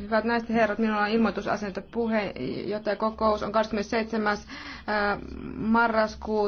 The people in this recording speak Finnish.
Hyvät naiset ja herrat, minulla on ilmoitusasento kokous on 27. Äh, marraskuuta.